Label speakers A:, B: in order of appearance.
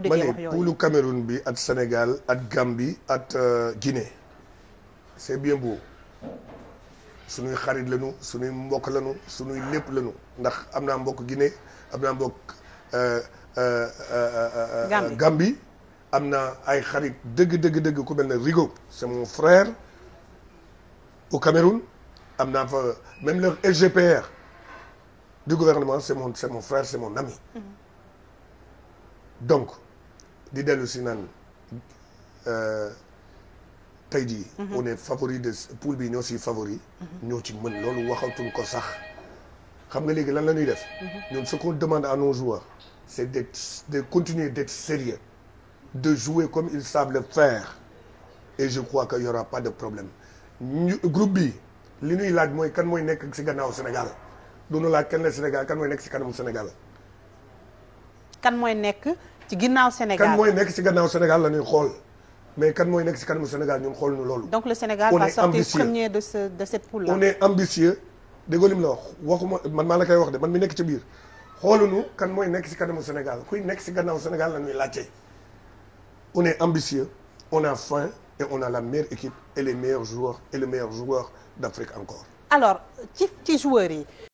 A: boo déggee wax yooyu ma ne poulu Cameroun bi ak Sénégal ak Gambie ak euh, Guinée c'est bien beau suñuy xarit lañu suñuy mbokk lañu suñuy lépp lañu ndax am na mbokk Guinée am naa mbokk euh, euh, Gambie am na ay xarit dëgg dégg dëgg ku mel ne Rigo c'est mon frère au Cameroun am na fa même le LGPR du gouvernement c'est mon frère c'est mon ami mm-hmm. donc di dellu si naan euh, tey jii. Mhm. on est favori de poule bi ñoo si favori. Mhm. ñoo ci mën loolu waxatuñ ko sax xam nga léegi lan la ñuy def. ñoom mhm. ce qu'on demande à nos joueurs. c'est de de continuer d'être sérieux de jouer comme ils savent le faire et je crois que y aura pas de problème groupe bi li ñuy laaj mooy kan mooy nekk ci gannaaw Sénégal du ñu laaj kan la Sénégal kan mooy nekk ci kanamu Sénégal. kan mooy nekk. ci ginnaaw mooy nekk ci gannaaw Sénégal la xool mais kan mooy nekk ci kanamu Sénégal ñun xool loolu. donc le Sénégal va sortir premier de ce de cette poule là. on est ambitieux dégg li mu la wax waxuma man maa la koy wax de man mi nekk ci biir xooluñu kan mooy nekk ci kanamu Sénégal kuy nekk ci gannaaw Sénégal la ñuy laajte. on est ambitieux on a faim et on a la meilleure équipe et les meilleurs joueurs et les meilleurs joueurs d'Afrique encore. alors ci ci joueurs yi.